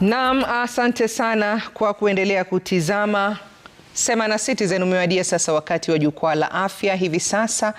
nam asante sana kwa kuendelea kutizama Sema na Citizen. Umewadia sasa wakati wa jukwaa la afya, hivi sasa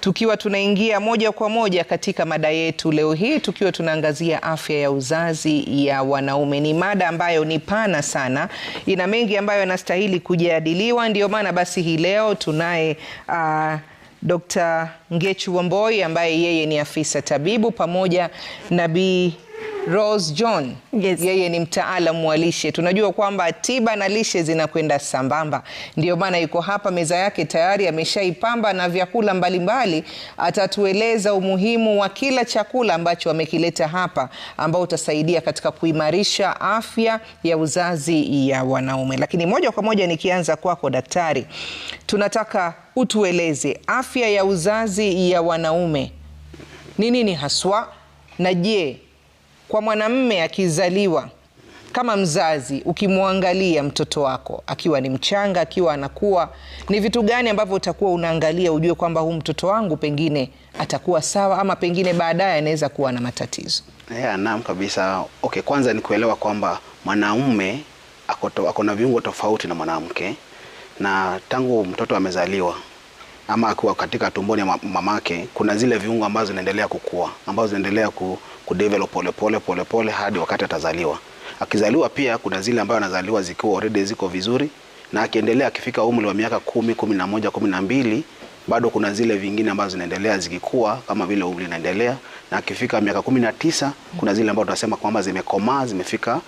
tukiwa tunaingia moja kwa moja katika mada yetu leo hii, tukiwa tunaangazia afya ya uzazi ya wanaume. Ni mada ambayo ni pana sana, ina mengi ambayo yanastahili kujadiliwa. Ndio maana basi hii leo tunaye uh, Dr. Ngechu Wamboi ambaye yeye ni afisa tabibu pamoja na Bi Rose John yes. Yeye ni mtaalamu wa lishe. Tunajua kwamba tiba na lishe zinakwenda sambamba, ndio maana yuko hapa, meza yake tayari ameshaipamba na vyakula mbalimbali. Atatueleza umuhimu wa kila chakula ambacho amekileta hapa, ambao utasaidia katika kuimarisha afya ya uzazi ya wanaume. Lakini moja kwa moja nikianza kwako daktari, tunataka utueleze afya ya uzazi ya wanaume ni nini haswa, na je kwa mwanamme akizaliwa kama mzazi ukimwangalia mtoto wako akiwa ni mchanga, akiwa anakuwa, ni vitu gani ambavyo utakuwa unaangalia ujue kwamba huu mtoto wangu pengine atakuwa sawa, ama pengine baadaye anaweza kuwa na matatizo? Yeah, naam kabisa. Okay, kwanza ni kuelewa kwamba mwanaume ako na viungo tofauti na mwanamke, na tangu mtoto amezaliwa ama akiwa katika tumboni ya mamake kuna zile viungo ambazo zinaendelea kukua ambazo zinaendelea ku kudevelop polepole pole hadi wakati atazaliwa. Akizaliwa pia kuna zile ambayo anazaliwa zikiwa already ziko vizuri, na akiendelea akifika umri wa miaka kumi, kumi na moja, kumi na mbili bado kuna zile vingine ambazo zinaendelea zikikua kama vile umri unaendelea, na akifika miaka kumi na tisa kuna zile ambazo tunasema kwamba zimekomaa zimefika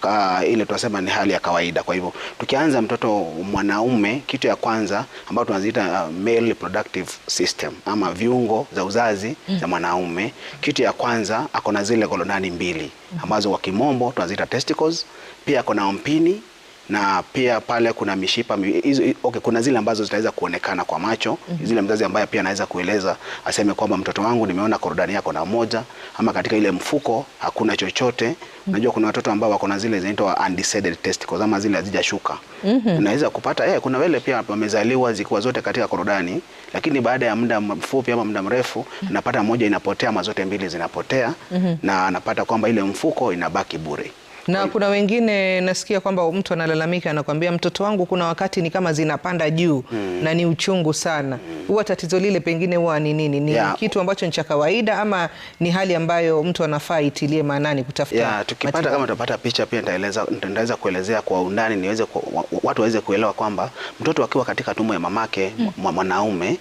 ka, ile tunasema ni hali ya kawaida. Kwa hivyo tukianza mtoto mwanaume, kitu ya kwanza ambayo tunaziita uh, male reproductive system ama viungo za uzazi mm. za mwanaume, kitu ya kwanza ako na zile kolonani mbili mm. ambazo kwa kimombo tunaziita testicles, pia ako na mpini na pia pale kuna mishipa hizo, okay, kuna zile ambazo zitaweza kuonekana kwa macho mm -hmm. Zile mzazi ambaye pia anaweza kueleza aseme kwamba mtoto wangu nimeona korodani yako na moja ama katika ile mfuko hakuna chochote mm -hmm. Najua kuna watoto ambao wako na zile zinaitwa undecided testicles ama zile hazijashuka mm -hmm. Unaweza kupata eh, kuna wale pia wamezaliwa zikiwa zote katika korodani, lakini baada ya muda mfupi ama muda mrefu mm -hmm. Anapata moja inapotea ama zote mbili zinapotea mm -hmm. Na anapata kwamba ile mfuko inabaki bure. Na kuna wengine nasikia kwamba mtu analalamika, anakuambia mtoto wangu kuna wakati ni kama zinapanda juu mm. na ni uchungu sana hmm. huwa mm. tatizo lile pengine huwa ni nini? Ni yeah. kitu ambacho ni cha kawaida ama ni hali ambayo mtu anafaa itilie maanani kutafuta yeah, tukipata matibabu. Kama tutapata picha pia nitaweza kuelezea kwa undani niweze kwa, watu waweze kuelewa kwamba mtoto akiwa katika tumbo ya mamake mm. mwanaume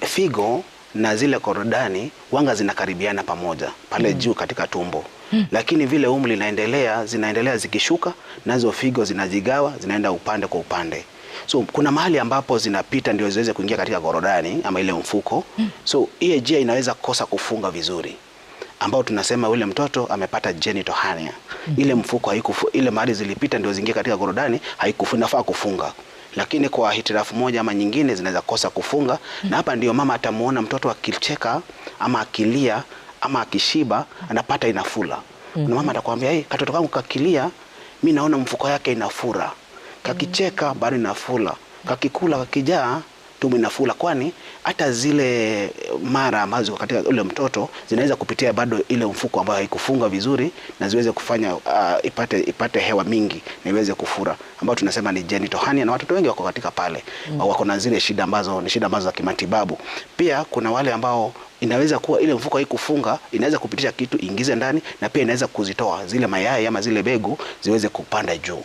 figo na zile korodani wanga zinakaribiana pamoja pale mm. juu katika tumbo Hmm. Lakini vile umri inaendelea zinaendelea zikishuka, nazo figo zinajigawa zinaenda upande kwa upande, so kuna mahali ambapo zinapita ndio ziweze kuingia katika korodani ama ile mfuko. Hmm. So hiyo jia inaweza kosa kufunga vizuri, ambao tunasema yule mtoto amepata genital hernia. Hmm. Ile mfuko haikufu, ile mahali zilipita ndio zingie katika korodani haikufunga, inafaa kufunga lakini kwa hitirafu moja ama nyingine zinaweza kosa kufunga. Hmm. Na hapa ndio mama atamuona mtoto akicheka ama akilia ama akishiba anapata inafula mm -hmm. Na mama atakwambia hey, katoto kangu kakilia, mi naona mfuko yake inafura, kakicheka bado inafula kakikula kakijaa tumbo inafula, kwani hata zile mara ambazo ziko katika ule mtoto zinaweza kupitia bado ile mfuko ambayo haikufunga vizuri na ziweze kufanya uh, ipate, ipate hewa mingi na iweze kufura ambayo tunasema ni genital hernia, na watoto wengi wako katika pale mm. wako na zile shida ambazo ni shida ambazo za kimatibabu. Pia kuna wale ambao inaweza kuwa ile mfuko haikufunga, inaweza kupitisha kitu ingize ndani, na pia inaweza kuzitoa zile mayai ama zile begu ziweze kupanda juu,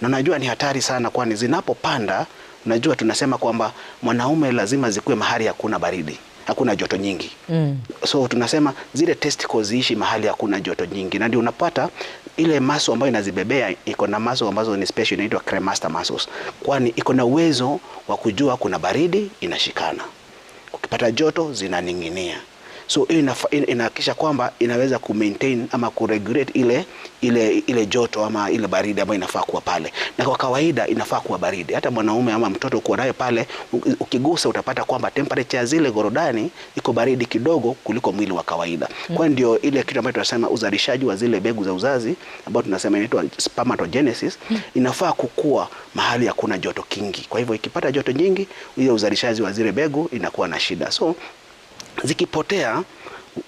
na najua ni hatari sana, kwani zinapopanda unajua tunasema kwamba mwanaume lazima zikuwe mahali hakuna baridi, hakuna joto nyingi mm. So tunasema zile testicles ziishi mahali hakuna joto nyingi, na ndio unapata ile maso ambayo inazibebea iko na maso ambazo ni special, inaitwa cremaster muscles, kwani iko na uwezo wa kujua kuna baridi inashikana, ukipata joto zinaning'inia. So hiyo inahakikisha kwamba inaweza maintain ama regulate ile, ile, ile joto ama ile baridi ambayo inafaa kuwa pale, na kwa kawaida inafaa kuwa baridi. Hata mwanaume ama mtoto kuwa naye pale, ukigusa utapata kwamba temperature zile gorodani iko baridi kidogo kuliko mwili wa kawaida mm. Kwa ndio ile kitu ambayo tunasema uzalishaji wa zile mbegu za uzazi ambayo tunasema inaitwa spermatogenesis mm. Inafaa kukua mahali hakuna joto kingi. Kwa hivyo ikipata joto nyingi, ile uzalishaji wa zile mbegu inakuwa na shida so zikipotea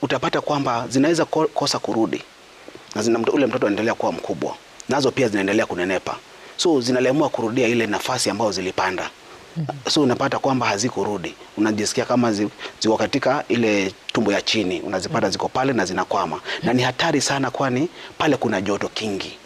utapata kwamba zinaweza kosa kurudi na zina ule mtoto anaendelea kuwa mkubwa, nazo pia zinaendelea kunenepa, so zinalemua kurudia ile nafasi ambayo zilipanda. Mhm. So unapata kwamba hazikurudi, unajisikia kama ziko katika ile tumbo ya chini, unazipata mhm. ziko pale na zinakwama. Na ni hatari sana, kwani pale kuna joto kingi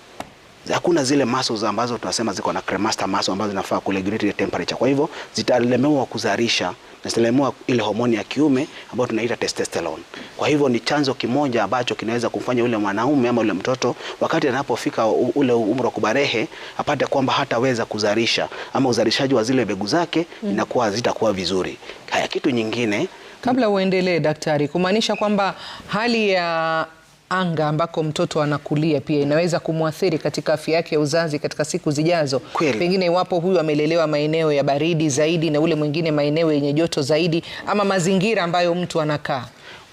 hakuna zile muscles ambazo tunasema ziko na cremaster muscle ambazo zinafaa ku regulate temperature. Kwa hivyo zitalemewa kuzalisha na zitalemewa ile homoni ya kiume ambayo tunaita testosterone. Kwa hivyo ni chanzo kimoja ambacho kinaweza kumfanya ule mwanaume ama ule mtoto wakati anapofika ule umri wa kubarehe apate kwamba hataweza kuzalisha ama uzalishaji wa zile mbegu zake mm, inakuwa zitakuwa vizuri. Haya, kitu nyingine kabla uendelee daktari, kumaanisha kwamba hali ya anga ambako mtoto anakulia pia inaweza kumwathiri katika afya yake ya uzazi katika siku zijazo. Kweli. Pengine iwapo huyu amelelewa maeneo ya baridi zaidi na ule mwingine maeneo yenye joto zaidi, ama mazingira ambayo mtu anakaa.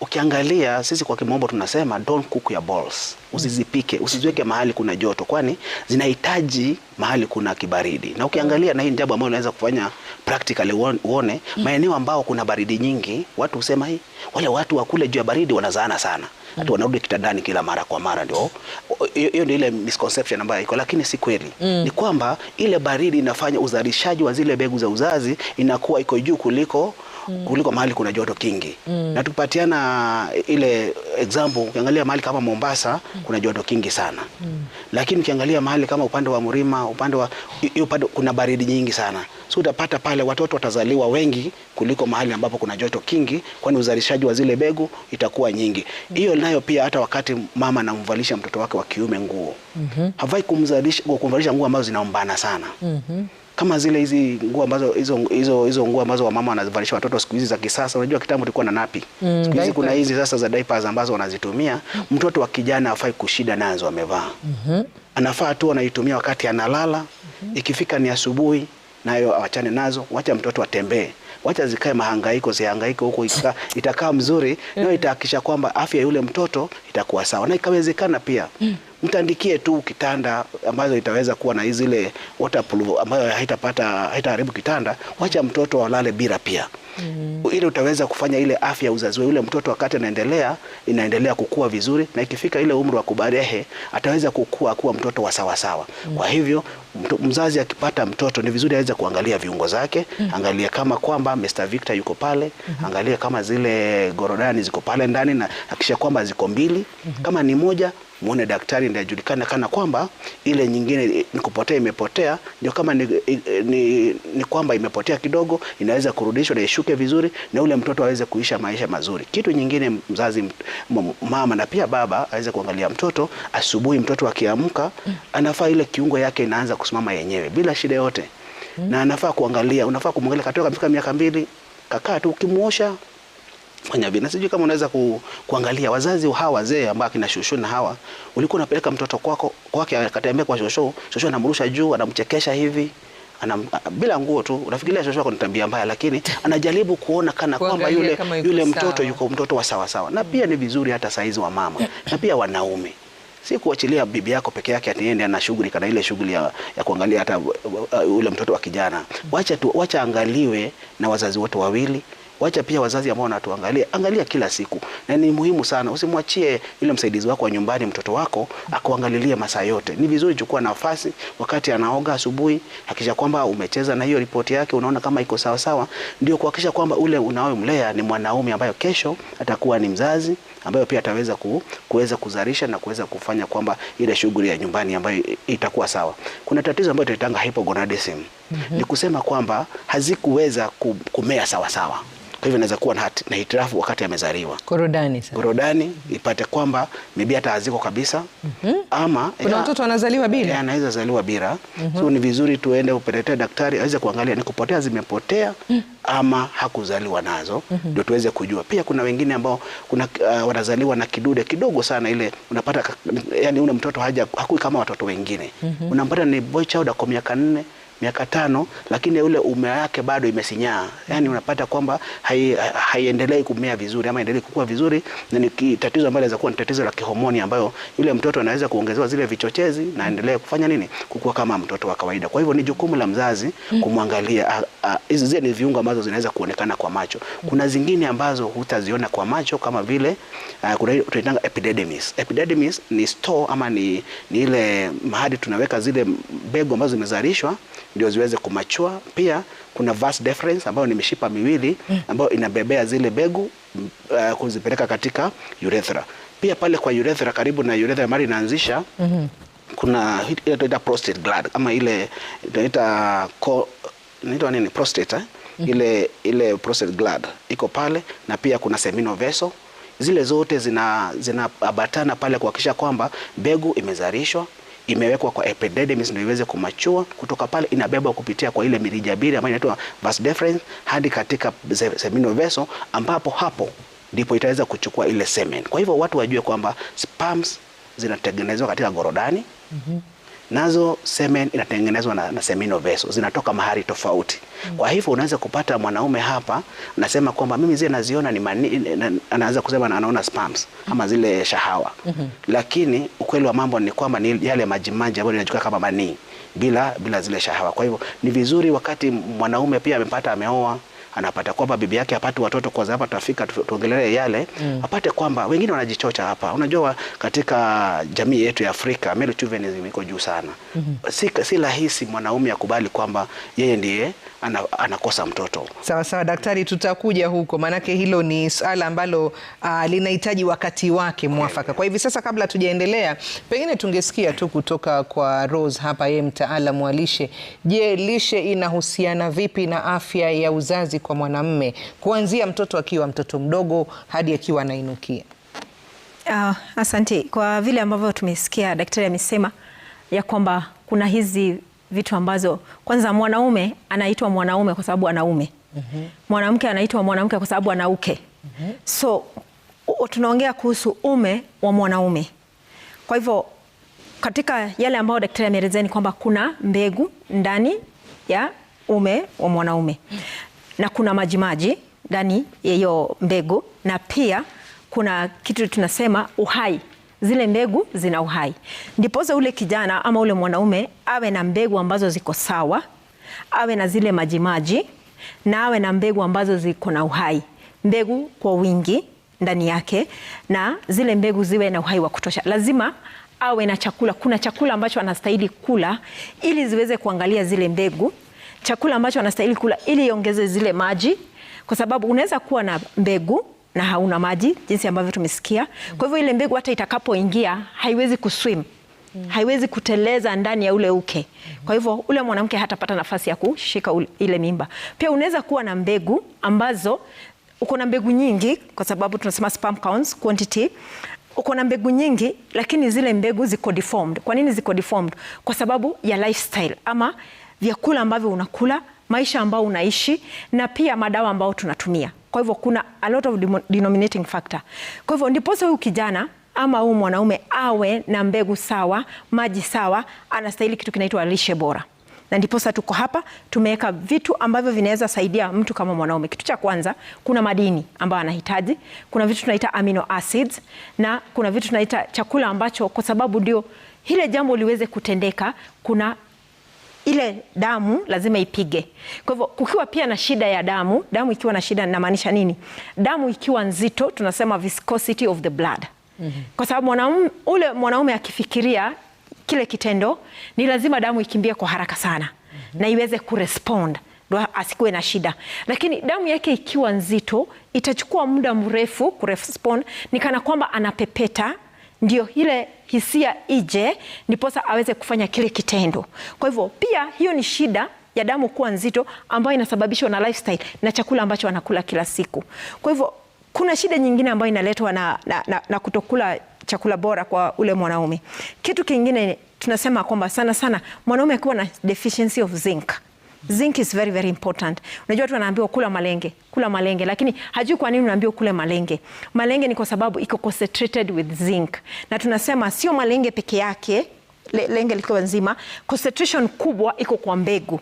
Ukiangalia sisi kwa kimombo tunasema don't cook your balls, usizipike usiziweke mahali kuna joto, kwani zinahitaji mahali kuna kibaridi. Na ukiangalia na hii jambo ambayo unaweza kufanya practically uone maeneo ambao kuna baridi nyingi, watu husema hii, wale watu wakule juu ya baridi wanazaana sana ati wanarudi kitandani kila mara kwa mara. Ndio hiyo ndio ile misconception ambayo iko, lakini si kweli mm. Ni kwamba ile baridi inafanya uzalishaji wa zile mbegu za uzazi inakuwa iko juu kuliko mm. kuliko mahali kuna joto kingi mm. na tukipatiana ile example, ukiangalia mahali kama Mombasa mm. kuna joto kingi sana mm. lakini ukiangalia mahali kama upande wa mlima upande wa upande kuna baridi nyingi sana so utapata pale watoto watazaliwa wengi kuliko mahali ambapo kuna joto kingi, kwani uzalishaji wa zile begu itakuwa nyingi. Mm. Hiyo mm. nayo pia, hata wakati mama anamvalisha mtoto wake wa kiume nguo mm -hmm. kumzalisha kumvalisha nguo ambazo zinaombana sana mm -hmm kama zile hizi nguo ambazo hizo hizo hizo nguo ambazo wamama wanazivalisha watoto siku hizi za kisasa. Unajua kitambo tulikuwa na napi mm, siku hizi kuna hizi sasa za diapers ambazo wanazitumia. Mtoto wa kijana afai kushida nazo amevaa mm -hmm. anafaa tu anaitumia wakati analala mm -hmm. ikifika ni asubuhi nayo awachane nazo, wacha mtoto atembee wacha zikae mahangaiko, zihangaike huko, itakaa mzuri mm. Eh. nayo itahakisha kwamba afya yule mtoto itakuwa sawa, na ikawezekana pia mm. mtandikie tu kitanda ambazo itaweza kuwa na zile waterproof ambayo haitapata haitaharibu kitanda, wacha mtoto alale bila pia mm -hmm. ili utaweza kufanya ile afya ya uzazi ule mtoto wakati anaendelea inaendelea kukua vizuri, na ikifika ile umri wa kubarehe ataweza kukua kuwa mtoto wa sawasawa mm -hmm. kwa hivyo mzazi akipata mtoto ni vizuri aweze kuangalia viungo zake mm -hmm. kama kwamba Mr. Victor yuko pale mm -hmm. angalie kama zile gorodani ziko pale ndani na hakisha kwamba ziko mbili mm -hmm. kama ni moja muone daktari ndiye ajulikane kana kwamba ile nyingine ni kupotea imepotea, ndio kama ni, ni, ni kwamba imepotea kidogo, inaweza kurudishwa na ishuke vizuri, na ule mtoto aweze kuisha maisha mazuri. Kitu nyingine mzazi, mama na pia baba aweze kuangalia mtoto. Asubuhi mtoto akiamka, anafaa ile kiungo yake inaanza kusimama yenyewe bila shida yote, na anafaa kuangalia, unafaa kumwangalia katoka katika miaka mbili kakaa tu ukimuosha fanya vile. Na sijui kama unaweza ku, kuangalia wazazi hawa wazee ambao kina shosho na hawa, ulikuwa unapeleka mtoto kwako kwake akatembea kwa shosho, shosho anamrusha juu, anamchekesha hivi anam, bila nguo tu unafikiria shosho yako ni tabia mbaya, lakini anajaribu kuona kana kwamba yule, kama yule mtoto Yuko mtoto wa sawa sawa na Pia ni vizuri hata saizi wa mama na pia wanaume si kuachilia bibi yako peke yake atiende ana shughuli kana ile shughuli ya, ya kuangalia hata uh, uh, ule mtoto wa kijana. Wacha tu, wacha angaliwe na wazazi wote wawili wacha pia wazazi ambao wanatuangalia, angalia kila siku, na ni muhimu sana, usimwachie yule msaidizi wako wa nyumbani mtoto wako akuangalilie masaa yote. Ni vizuri chukua nafasi wakati anaoga asubuhi, hakisha kwamba umecheza na hiyo ripoti yake, unaona kama iko sawa sawa, ndio kuhakikisha kwamba ule unaomlea ni mwanaume ambayo kesho atakuwa ni mzazi ambayo pia ataweza ku, kuweza kuzalisha na kuweza kufanya kwamba ile shughuli ya nyumbani ambayo itakuwa sawa. Kuna tatizo ambayo tunaitanga hypogonadism. Mm -hmm. Ni kusema kwamba hazikuweza kumea sawa sawa. Kwa hivyo inaweza kuwa na, na hitilafu wakati amezaliwa. Korodani sasa. Korodani ipate kwamba maybe hata haziko kabisa mm -hmm. ama kuna mtoto anazaliwa bila, anaweza zaliwa bila mm -hmm. so ni vizuri tuende upelete daktari aweze kuangalia ni kupotea zimepotea mm -hmm. ama hakuzaliwa nazo mhm. ndio mm -hmm. tuweze kujua. Pia kuna wengine ambao kuna uh, wanazaliwa na kidude kidogo sana, ile unapata yani ule mtoto haja hakui kama watoto wengine mm -hmm. unampata ni boy child kwa miaka nne miaka tano, lakini ule umea yake bado imesinyaa, yani unapata kwamba haiendelei hai kumea vizuri ama endelei kukua vizuri, na ni tatizo ambalo inaweza kuwa ni tatizo la kihomoni, ambayo yule mtoto anaweza kuongezewa zile vichochezi na endelee kufanya nini, kukua kama mtoto wa kawaida. Kwa hivyo ni jukumu la mzazi mm. kumwangalia hizi, zile ni viungo ambazo zinaweza kuonekana kwa macho. Kuna zingine ambazo hutaziona kwa macho kama vile uh, kuna tunaitanga epidermis. Epidermis ni store ama ni, ni ile mahali tunaweka zile mbegu ambazo zimezalishwa ndio ziweze kumachua. Pia kuna vast deference ambayo ni mishipa miwili ambayo inabebea zile begu uh, mm, eh, kuzipeleka katika urethra. Pia pale kwa urethra, karibu na urethra mara inaanzisha mm -hmm. kuna ile tunaita prostate gland ama ile tunaita inaitwa nini prostate eh? mm -hmm. ile ile prostate gland iko pale na pia kuna seminal vessel zile zote zina pale kuhakikisha kwamba begu imezalishwa imewekwa kwa epididymis ndio iweze kumachua. Kutoka pale inabebwa kupitia kwa ile mirijabiri ambayo inaitwa vas deferens hadi katika seminal vessel, ambapo hapo ndipo itaweza kuchukua ile semen. Kwa hivyo watu wajue kwamba sperms zinatengenezwa katika gorodani. mm -hmm nazo semen inatengenezwa na, na semino veso zinatoka mahali tofauti. Mm. Kwa hivyo unaweza kupata mwanaume hapa nasema kwamba mimi zile naziona ni mani, anaanza kusema anaona spams ama zile shahawa. Mm -hmm. Lakini ukweli wa mambo ni kwamba ni yale majimaji ambayo yanachukua kama manii bila bila zile shahawa. Kwa hivyo ni vizuri wakati mwanaume pia amepata ameoa anapata kwamba bibi yake apate watoto kwa Hapa tutafika tuongelee yale mm. apate kwamba wengine wanajichocha hapa. Unajua, katika jamii yetu ya Afrika male chauvinism iko juu sana mm -hmm. si, si rahisi mwanaume akubali kwamba yeye ndiye anakosa mtoto. Sawa sawa, daktari, tutakuja huko, maanake hilo ni swala ambalo uh, linahitaji wakati wake mwafaka. Kwa hivi sasa, kabla tujaendelea, pengine tungesikia tu kutoka kwa Rose hapa, yeye mtaalamu wa lishe. Je, lishe inahusiana vipi na afya ya uzazi? mapenzi kwa mwanamme kuanzia mtoto akiwa mtoto mdogo hadi akiwa anainukia? Uh, asante. Kwa vile ambavyo tumesikia daktari amesema ya kwamba kuna hizi vitu ambazo kwanza mwanaume anaitwa mwanaume kwa sababu anaume. mm -hmm. Mwanamke anaitwa mwanamke kwa sababu anauke. mm -hmm. So tunaongea kuhusu ume wa mwanaume. Kwa hivyo katika yale ambayo daktari ameelezea ni kwamba kuna mbegu ndani ya ume wa mwanaume. Mm na kuna majimaji ndani ya hiyo mbegu, na pia kuna kitu tunasema uhai, zile mbegu zina uhai. Ndiposa ule kijana ama ule mwanaume awe na mbegu ambazo ziko sawa, awe na zile majimaji na awe na mbegu ambazo ziko na uhai, mbegu kwa wingi ndani yake, na zile mbegu ziwe na uhai wa kutosha. Lazima awe na chakula, kuna chakula ambacho anastahili kula ili ziweze kuangalia zile mbegu chakula ambacho anastahili kula ili iongeze zile maji, kwa sababu unaweza kuwa na mbegu na hauna maji jinsi ambavyo tumesikia. Kwa hivyo ile mbegu hata itakapoingia haiwezi kuswim, haiwezi kuteleza ndani ya ule uke. Kwa hivyo ule mwanamke hatapata nafasi ya kushika ile mimba. Pia unaweza kuwa na mbegu ambazo uko na mbegu nyingi, kwa sababu tunasema sperm counts quantity uko na mbegu nyingi lakini zile mbegu ziko deformed. Kwa nini ziko deformed? Kwa sababu ya lifestyle ama vyakula ambavyo unakula, maisha ambayo unaishi na pia madawa ambayo tunatumia. Kwa hivyo kuna a lot of denominating factor. Kwa hivyo ndiposa huyu kijana ama huyu mwanaume awe na mbegu sawa, maji sawa, anastahili kitu kinaitwa lishe bora na ndiposa tuko hapa tumeweka vitu ambavyo vinaweza saidia mtu kama mwanaume. Kitu cha kwanza, kuna madini ambayo anahitaji, kuna vitu tunaita amino acids na kuna vitu tunaita chakula ambacho, kwa sababu ndio hile jambo liweze kutendeka, kuna ile damu lazima ipige. Kwa hivyo kukiwa pia na shida ya damu, damu ikiwa na shida inamaanisha nini? Damu ikiwa nzito tunasema viscosity of the blood. Mm -hmm. Kwa sababu mwanaume ule mwanaume akifikiria kile kitendo ni lazima damu ikimbie kwa haraka sana mm -hmm. na iweze kurespond ndo asikuwe na shida, lakini damu yake ikiwa nzito itachukua muda mrefu kurespond, ni kana kwamba anapepeta ndio ile hisia ije, ndiposa aweze kufanya kile kitendo. Kwa hivyo pia hiyo ni shida ya damu kuwa nzito ambayo inasababishwa na lifestyle na chakula ambacho anakula kila siku. Kwa hivyo kuna shida nyingine ambayo inaletwa na, na, na, na kutokula chakula bora kwa ule mwanaume. Kitu kingine tunasema kwamba sana sana mwanaume akiwa na deficiency of zinc Zinc is very very important. Unajua watu wanaambiwa kula malenge, kula malenge lakini hajui kwa nini unaambiwa kule malenge. Malenge ni kwa sababu iko concentrated with zinc. Na tunasema sio malenge peke yake, le, lenge likiwa nzima, concentration kubwa iko kwa mbegu.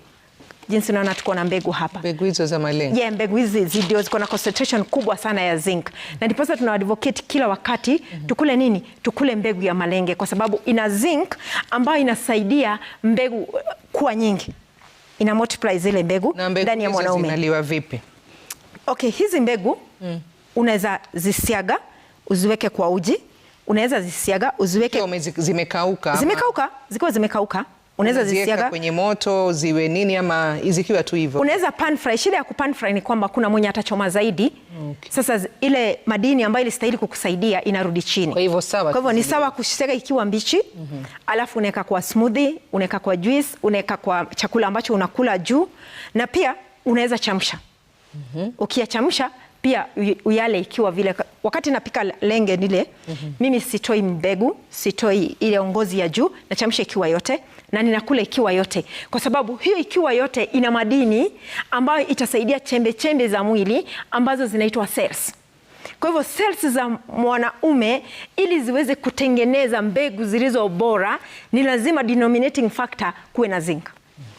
Jinsi naona tuko na mbegu hapa. Mbegu hizo za malenge. Yeah, mbegu hizi zidio ziko na concentration kubwa sana ya zinc. Mm -hmm. Na ndipo sasa tuna advocate kila wakati mm -hmm. Tukule nini? Tukule mbegu ya malenge kwa sababu ina zinc ambayo inasaidia mbegu eh, kuwa nyingi ina multiply zile mbegu ndani ya mwanaume. Zinaliwa vipi? Okay, hizi mbegu mm. unaweza zisiaga uziweke kwa uji, unaweza zisiaga uziweke zimekauka, zimekauka zikiwa zimekauka unaweza zisiaga kwenye moto ziwe nini ama zikiwa tu hivyo. Unaweza pan fry. Shida ya ku pan fry ni kwamba kuna mwenye atachoma zaidi. Okay. Sasa ile madini ambayo ilistahili kukusaidia inarudi chini. Kwa hivyo sawa. Kwa hivyo ni sawa kushika ikiwa mbichi. Mm -hmm. Alafu unaweka kwa smoothie, unaweka kwa juice, unaweka kwa chakula ambacho unakula juu na pia unaweza chamsha. Mm -hmm. Ukiyachamsha pia uyale ikiwa vile. Wakati napika lenge nile, mm -hmm. mimi sitoi mbegu, sitoi ile ngozi ya juu, nachamsha ikiwa yote na ninakula ikiwa yote, kwa sababu hiyo ikiwa yote ina madini ambayo itasaidia chembe chembe za mwili ambazo zinaitwa cells. Kwa hivyo cells za mwanaume ili ziweze kutengeneza mbegu zilizo bora ni lazima denominating factor kuwe na zinc.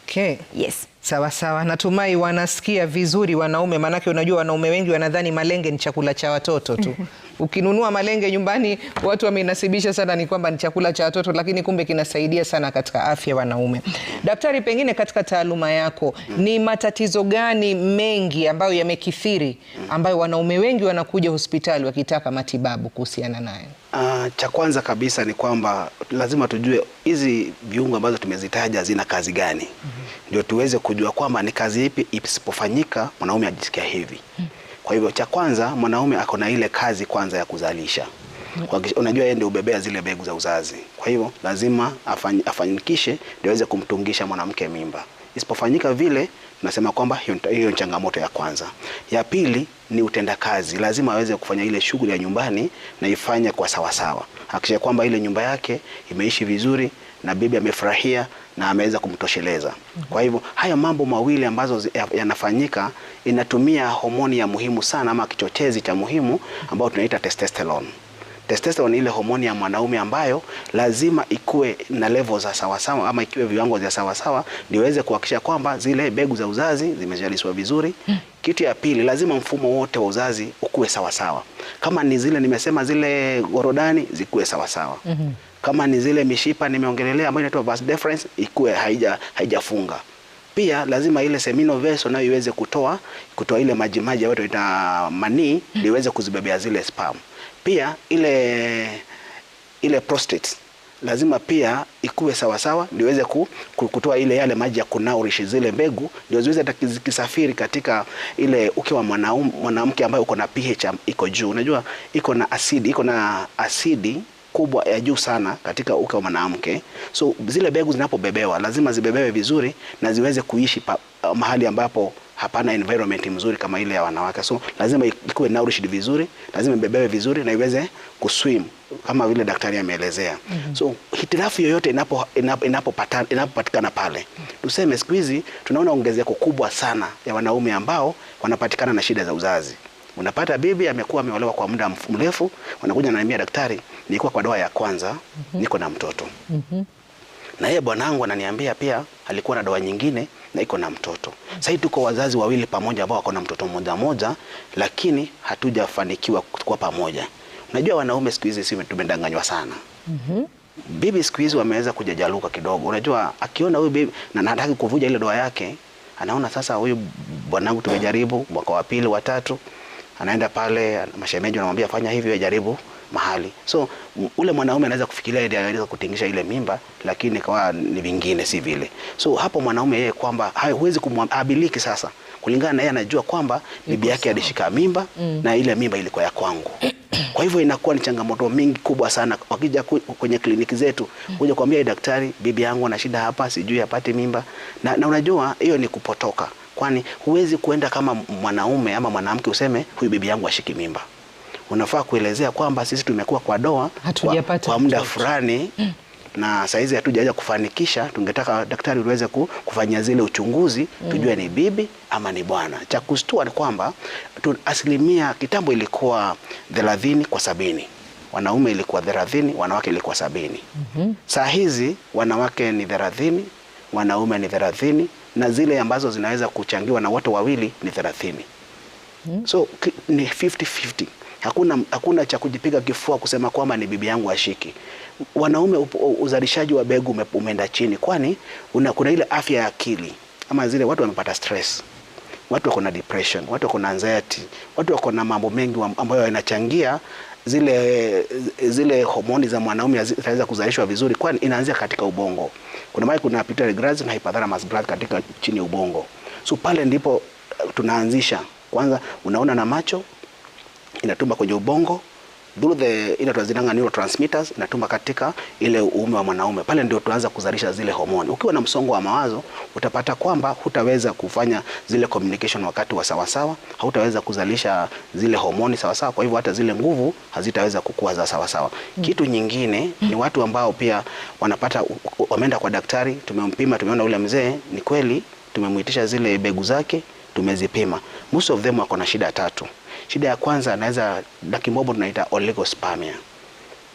Okay. Yes. Sawa sawa, natumai wanasikia vizuri wanaume, maanake unajua wanaume wengi wanadhani malenge ni chakula cha watoto tu. Ukinunua malenge nyumbani, watu wamenasibisha sana ni kwamba ni chakula cha watoto, lakini kumbe kinasaidia sana katika afya wanaume. Daktari, pengine katika taaluma yako ni matatizo gani mengi ambayo yamekithiri ambayo wanaume wengi wanakuja hospitali wakitaka matibabu kuhusiana nayo? Uh, cha kwanza kabisa ni kwamba lazima tujue hizi viungo ambazo tumezitaja zina kazi gani, mhm. ndio mm -hmm. tuweze kujua kwamba ni kazi ipi isipofanyika mwanaume ajisikia hivi mm -hmm. Kwa hivyo cha kwanza mwanaume ako na ile kazi kwanza ya kuzalisha kwa kisha, unajua yeye ndio ubebea zile mbegu za uzazi. Kwa hivyo lazima afany, afanikishe ndio aweze kumtungisha mwanamke mimba. Isipofanyika vile, tunasema kwamba hiyo ni changamoto ya kwanza. Ya pili ni utendakazi, lazima aweze kufanya ile shughuli ya nyumbani na ifanye kwa sawasawa, hakikisha kwamba ile nyumba yake imeishi vizuri na bibi amefurahia na ameweza kumtosheleza. Kwa hivyo haya mambo mawili ambazo yanafanyika, inatumia homoni ya muhimu sana ama kichochezi cha muhimu ambao tunaita testosterone. Testosterone ile homoni ya mwanaume ambayo lazima ikuwe na level za sawasawa ama ikiwe viwango vya sawasawa ndio iweze kuhakikisha kwamba zile mbegu za uzazi zimezalishwa vizuri. Mm. Kitu ya pili, lazima mfumo wote wa uzazi ukuwe sawasawa. Kama ni zile nimesema zile gorodani zikuwe sawasawa. Mm -hmm. Kama ni zile mishipa nimeongelelea ambayo inaitwa vas deference ikuwe haija haijafunga. Pia lazima ile seminal vessel nayo iweze kutoa kutoa ile maji maji ambayo tunaita manii liweze kuzibebea zile sperm. Pia ile ile prostate lazima pia ikuwe sawasawa niweze ku, kutoa ile yale maji ya kunaurishi zile mbegu ndio ziweze zikisafiri katika ile uke wa mwanamke ambaye uko na pH iko juu. Unajua iko na asidi, iko na asidi kubwa ya juu sana katika uke wa mwanamke. So zile mbegu zinapobebewa lazima zibebewe vizuri na ziweze kuishi pa, uh, mahali ambapo hapana environment mzuri kama ile ya wanawake. So lazima ikuwe nourished vizuri, lazima ibebewe vizuri na iweze kuswim kama vile daktari ameelezea. mm -hmm. So hitilafu yoyote inapopatikana inapo, inapo pale, tuseme siku hizi tunaona ongezeko kubwa sana ya wanaume ambao wanapatikana na shida za uzazi. Unapata bibi amekuwa ameolewa kwa muda mrefu, anakuja ananiambia, daktari, nilikuwa kwa doa ya kwanza mm -hmm. niko na mtoto mm -hmm. na yeye bwanangu ananiambia pia alikuwa na doa nyingine na iko na mtoto mm -hmm. Sasa tuko wazazi wawili pamoja ambao wako na mtoto mmoja mmoja, lakini hatujafanikiwa kuwa pamoja. Unajua wanaume siku hizi sisi tumedanganywa sana mm -hmm. Bibi siku hizi wameweza kujajaluka kidogo, unajua akiona huyu bibi na anataka kuvuja ile doa yake, anaona sasa, huyu bwanangu tumejaribu mwaka wa pili wa tatu anaenda pale, mashemeji wanamwambia fanya hivi, jaribu mahali. So ule mwanaume anaweza kufikiria ili aweze kutingisha ile mimba, lakini kwa ni vingine, si vile. So hapo mwanaume yeye kwamba huwezi kumwabiliki sasa, kulingana na yeye anajua kwamba bibi yake alishika mimba mm. na ile mimba ilikuwa ya kwangu kwa hivyo inakuwa ni changamoto mingi kubwa sana wakija kwenye kliniki zetu mm. kuja kuambia daktari, bibi yangu ana shida hapa, sijui apate mimba na, na unajua hiyo ni kupotoka kwani huwezi kuenda kama mwanaume ama mwanamke useme huyu bibi yangu ashiki mimba. Unafaa kuelezea kwamba sisi tumekuwa kwa doa kwa, kwa muda fulani mm na saizi hatujaweza kufanikisha, tungetaka daktari uweze kufanya zile uchunguzi mm. tujue ni bibi ama ni bwana. Cha kustua ni kwamba asilimia kitambo ilikuwa thelathini kwa sabini wanaume ilikuwa thelathini wanawake ilikuwa sabini mm -hmm. Saa hizi wanawake ni thelathini wanaume ni thelathini na zile ambazo zinaweza kuchangiwa na watu wawili ni thelathini. Hmm. So ni 50-50. Hakuna, hakuna cha kujipiga kifua kusema kwamba ni bibi yangu ashiki. wanaume uzalishaji wa begu umeenda chini, kwani una, kuna ile afya ya akili ama zile watu wamepata stress, watu wako na depression, watu wako na anxiety, watu wako na mambo mengi ambayo yanachangia zile zile homoni za mwanaume zitaweza kuzalishwa vizuri, kwani inaanzia katika ubongo. Kuna mai kuna pituitary gland na hypothalamus gland katika chini ya ubongo, so pale ndipo eh, tunaanzisha kwanza. Unaona na macho inatumba kwenye ubongo through the ile tunazinanga neurotransmitters inatuma katika ile uume wa mwanaume pale, ndio tuanza kuzalisha zile homoni. Ukiwa na msongo wa mawazo, utapata kwamba hutaweza kufanya zile communication wakati wa sawasawa, hautaweza kuzalisha zile homoni sawa, kwa hivyo hata zile nguvu hazitaweza kukua za sawa mm. Kitu nyingine mm. ni watu ambao pia wanapata, wameenda kwa daktari, tumempima, tumeona ule mzee ni kweli, tumemuitisha zile begu zake, tumezipima, most of them wako na shida tatu. Shida ya kwanza naweza na kimombo tunaita oligospermia,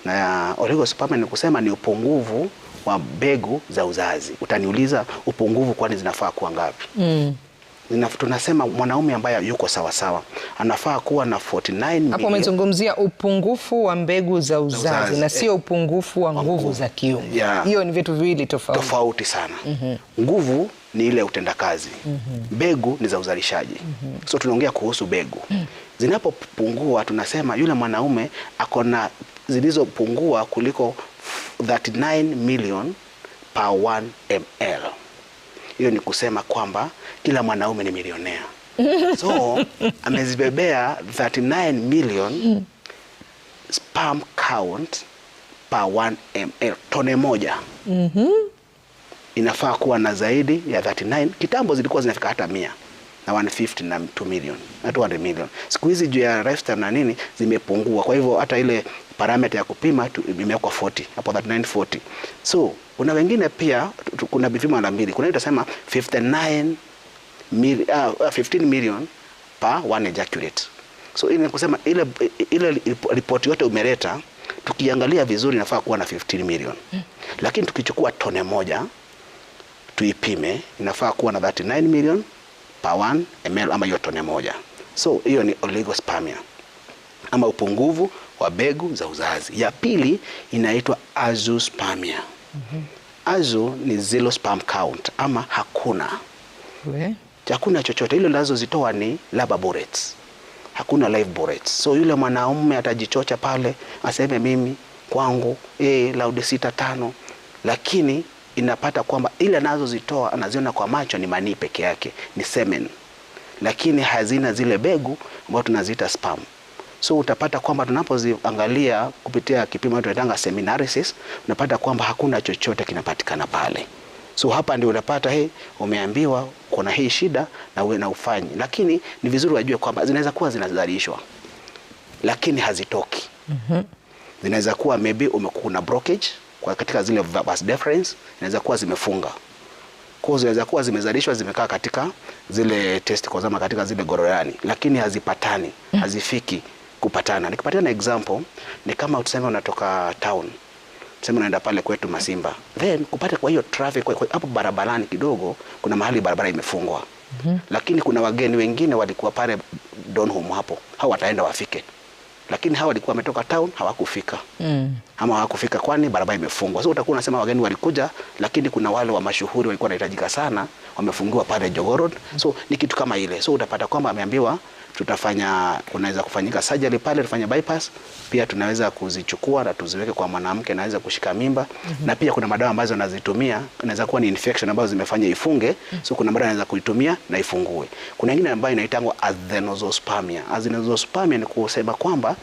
na oligospermia ni kusema ni upungufu wa mbegu za uzazi. Utaniuliza upungufu, kwani zinafaa kuwa ngapi? mm. Tunasema mwanaume ambaye yuko sawasawa anafaa kuwa na 49. Hapo umezungumzia upungufu wa mbegu za uzazi, za uzazi na sio eh. upungufu wa nguvu za kiume hiyo. Ni vitu viwili tofauti, tofauti sana. mm -hmm. Nguvu ni ile utendakazi, mhm. mbegu mm -hmm. ni za uzalishaji. mm -hmm. So tunaongea kuhusu mbegu. mm -hmm. Zinapopungua tunasema yule mwanaume ako na zilizopungua kuliko 39 million per 1 ml. Hiyo ni kusema kwamba kila mwanaume ni milionea so amezibebea 39 million sperm count per 1 ml, tone moja. mm -hmm. Inafaa kuwa na zaidi ya 39. Kitambo zilikuwa zinafika hata mia na 150 na 2 million na 200 million. Siku hizi juu ya lifestyle na nini zimepungua, kwa hivyo hata ile parameter ya kupima imewekwa 40 hapo 3940. So kuna wengine pia kuna vipimo la mbili, kuna itasema 59 mil, uh, ah, 15 ah, million per one ejaculate. So ile kusema ile ile ripoti yote umeleta tukiangalia vizuri inafaa kuwa na 15 million hmm. Lakini tukichukua tone moja tuipime inafaa kuwa na 39 million per 1 ml ama hiyo tone moja. So hiyo ni oligospermia ama upungufu wa begu za uzazi. Ya pili inaitwa azoospermia. mm -hmm. Azo ni zero sperm count ama hakuna We? hakuna chochote, ile lazo zitoa ni lab borets, hakuna live borets. So yule mwanaume atajichocha pale aseme mimi kwangu eh, laudi sita tano, lakini inapata kwamba ile anazozitoa anaziona kwa macho ni manii peke yake, ni semen, lakini hazina zile begu ambazo tunaziita sperm. So utapata kwamba tunapoziangalia kupitia kipimo tunaitanga seminarisis, unapata kwamba hakuna chochote kinapatikana pale. So hapa ndio unapata hey, umeambiwa kuna hii shida na uwe na ufanyi, lakini ni vizuri wajue kwamba zinaweza kuwa zinazalishwa lakini hazitoki. mm -hmm. Zinaweza kuwa maybe umekuwa na blockage kwa katika zile vas deference inaweza kuwa zimefunga kwa zinaweza kuwa zimezalishwa zimekaa katika zile kwa zama katika zile goroani, lakini hazipatani, mm. hazifiki kupatana. na example ni kama tuseme unatoka town, tuseme unaenda pale kwetu Masimba, then kupata kwa hiyo traffic hapo barabarani kidogo, kuna mahali barabara imefungwa mm -hmm. Lakini kuna wageni wengine walikuwa pale Donholm hapo, hao wataenda wafike lakini hawa walikuwa wametoka town hawakufika, mm. ama hawakufika kwani barabara imefungwa. So utakuwa unasema wageni walikuja, lakini kuna wale wa mashuhuri walikuwa wanahitajika sana, wamefungiwa pale Jogoro. Mm. So ni kitu kama ile. So utapata kwamba ameambiwa tutafanya kunaweza kufanyika surgery pale, tufanya bypass pia, tunaweza kuzichukua na tuziweke kwa mwanamke naweza kushika mimba mm -hmm. na pia kuna madawa ambazo anazitumia inaweza kuwa ni infection ambazo zimefanya ifunge mm -hmm. so kuna madawa anaweza kuitumia na ifungue. Kuna nyingine ambayo inaitangwa adenosospermia. Adenosospermia ni kusema kwamba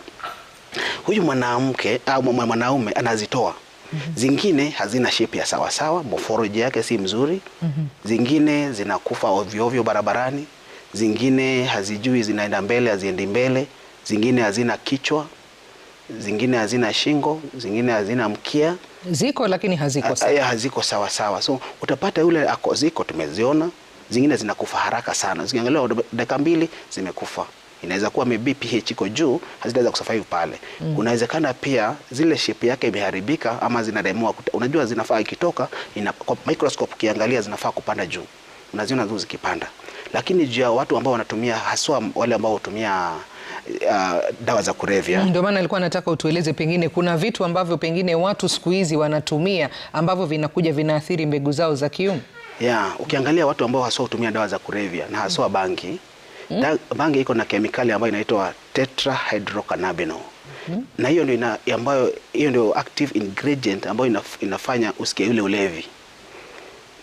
huyu mwanamke au mwanaume anazitoa Mm -hmm. Zingine hazina shape ya sawasawa, morphology yake si mzuri mm -hmm. Zingine zinakufa ovyo ovyo barabarani zingine hazijui zinaenda mbele, haziendi mbele, zingine hazina kichwa, zingine hazina shingo, zingine hazina mkia, ziko lakini haziko sawa, haziko sawa sawa. So utapata yule ako ziko, tumeziona zingine zinakufa haraka sana, zikiangaliwa dakika mbili zimekufa. Inaweza kuwa BPH iko juu, hazitaweza kusurvive pale mm. Unawezekana pia zile shape yake imeharibika ama zinademua. Unajua zinafaa ikitoka ina, kwa microscope ukiangalia zinafaa kupanda juu, unaziona zuu zikipanda lakini juu ya watu ambao wanatumia haswa wale ambao hutumia Uh, dawa za kulevya. Mm, ndio maana alikuwa anataka utueleze, pengine kuna vitu ambavyo pengine watu siku hizi wanatumia ambavyo vinakuja vinaathiri mbegu zao za kiume. Yeah, ukiangalia watu ambao haswa hutumia dawa za kulevya na haswa mm. bangi mm. bangi iko na kemikali ambayo inaitwa tetrahydrocannabinol mm. na hiyo ndio ambayo hiyo ndio active ingredient ambayo inafanya usikie ule ulevi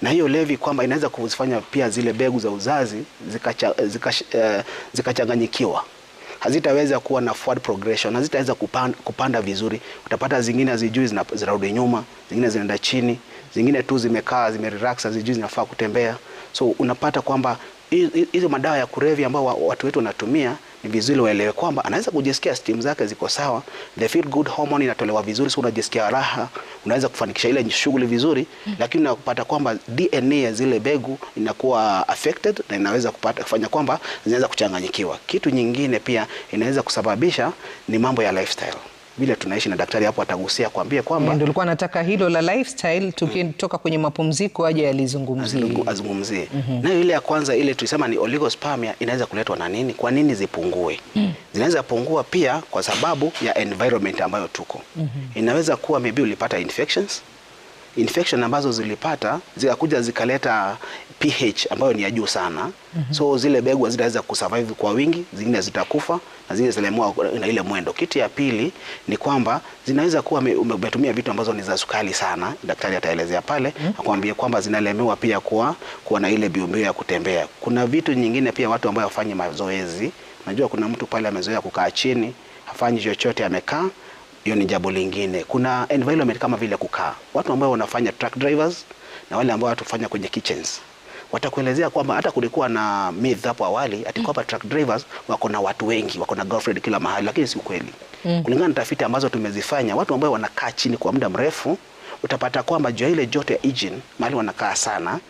na hiyo levi kwamba inaweza kuzifanya pia zile mbegu za uzazi eh, zikachanganyikiwa, zika, uh, hazitaweza kuwa na forward progression, hazitaweza kupanda, kupanda vizuri. Utapata zingine hazijui zinarudi nyuma, zingine zinaenda chini, zingine tu zimekaa zimerelax, hazijui zinafaa kutembea. So unapata kwamba hizo madawa ya kurevi ambao watu wetu wanatumia ni vizuri waelewe kwamba anaweza kujisikia stimu zake ziko sawa, the feel good hormone inatolewa vizuri, so unajisikia raha, unaweza kufanikisha ile shughuli vizuri mm. Lakini unapata kwamba DNA ya zile begu inakuwa affected na inaweza kupata kufanya kwamba zinaweza kuchanganyikiwa. Kitu nyingine pia inaweza kusababisha ni mambo ya lifestyle vile tunaishi na daktari hapo atagusia kuambia kwamba ndio alikuwa nataka hilo la lifestyle tukitoka kwenye mapumziko aje alizungumzie azungumzie. mm -hmm. Nayo ile ya kwanza ile tulisema ni oligospermia inaweza kuletwa na nini? Kwa nini zipungue? mm. Zinaweza pungua pia kwa sababu ya environment ambayo tuko. mm -hmm. Inaweza kuwa maybe ulipata infections infection ambazo zilipata zikakuja zikaleta pH ambayo ni ya juu sana mm -hmm. So zile mbegu zitaweza kusurvive kwa wingi, zingine zitakufa na zingine zitalemwa na ile mwendo. Kitu ya pili ni kwamba zinaweza kuwa umetumia vitu ambazo ni za sukari sana, daktari ataelezea pale mm -hmm. akwambie kwamba zinalemewa pia kuwa, kuwa na ile biumbio ya kutembea. Kuna vitu nyingine pia watu ambao wafanye mazoezi. Najua kuna mtu pale amezoea kukaa chini hafanyi chochote, amekaa hiyo ni jambo lingine. Kuna environment kama vile kukaa, watu ambao wanafanya truck drivers na wale ambao watufanya kwenye kitchens watakuelezea kwamba hata kulikuwa na myth hapo awali ati mm. kwamba truck drivers wako na watu wengi, wako na girlfriend kila mahali, lakini si ukweli. Mm. Kulingana na tafiti ambazo tumezifanya, watu ambao wanakaa chini kwa muda mrefu utapata kwamba jua ile joto ya engine mahali wanakaa sana,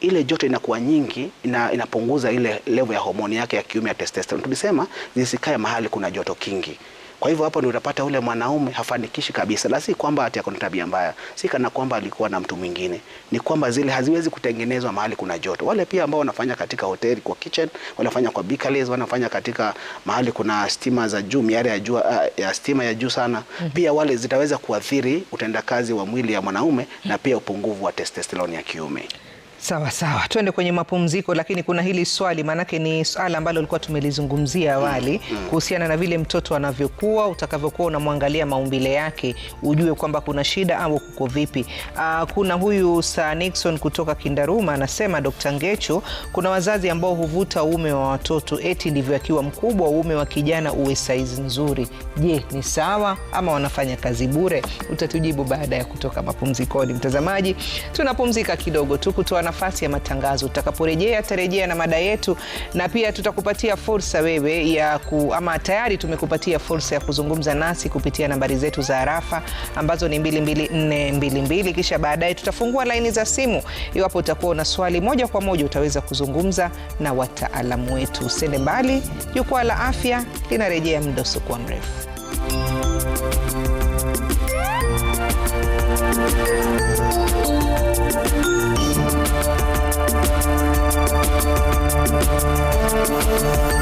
ile joto inakuwa nyingi ina, inapunguza ile level ya homoni yake ya kiume ya testosterone. Tulisema zisikae mahali kuna joto kingi. Kwa hivyo hapo ndio utapata ule mwanaume hafanikishi kabisa, la si kwamba ati ako na tabia mbaya, si kana kwamba alikuwa na mtu mwingine, ni kwamba zile haziwezi kutengenezwa mahali kuna joto. Wale pia ambao wanafanya katika hoteli kwa kitchen, wanafanya kwa bakeries, wanafanya katika mahali kuna stima za juu, miale ya juu eh, ya stima ya juu sana, mhm. pia wale zitaweza kuathiri utendakazi wa mwili ya mwanaume na pia upungufu wa testosterone ya kiume. Sawa sawa, tuende kwenye mapumziko, lakini kuna hili swali, maanake ni swala ambalo ulikuwa tumelizungumzia awali kuhusiana na vile mtoto anavyokuwa, utakavyokuwa unamwangalia maumbile yake ujue kwamba kuna shida au kuko vipi. Aa, ah, kuna huyu Sir Nixon kutoka Kindaruma anasema, Dr. Ngecho, kuna wazazi ambao huvuta uume wa watoto eti ndivyo akiwa mkubwa uume wa kijana uwe saizi nzuri. Je, ni sawa ama wanafanya kazi bure? Utatujibu baada ya kutoka mapumzikoni. Mtazamaji, tunapumzika kidogo tu kutoa nafasi ya matangazo. Tutakaporejea tarejea na mada yetu, na pia tutakupatia fursa wewe ya ku, ama tayari tumekupatia fursa ya kuzungumza nasi kupitia nambari zetu za arafa ambazo ni 22422 kisha baadaye tutafungua laini za simu. Iwapo utakuwa una swali moja kwa moja, utaweza kuzungumza na wataalamu wetu. Sende mbali, jukwaa la afya linarejea muda mrefu. Bye.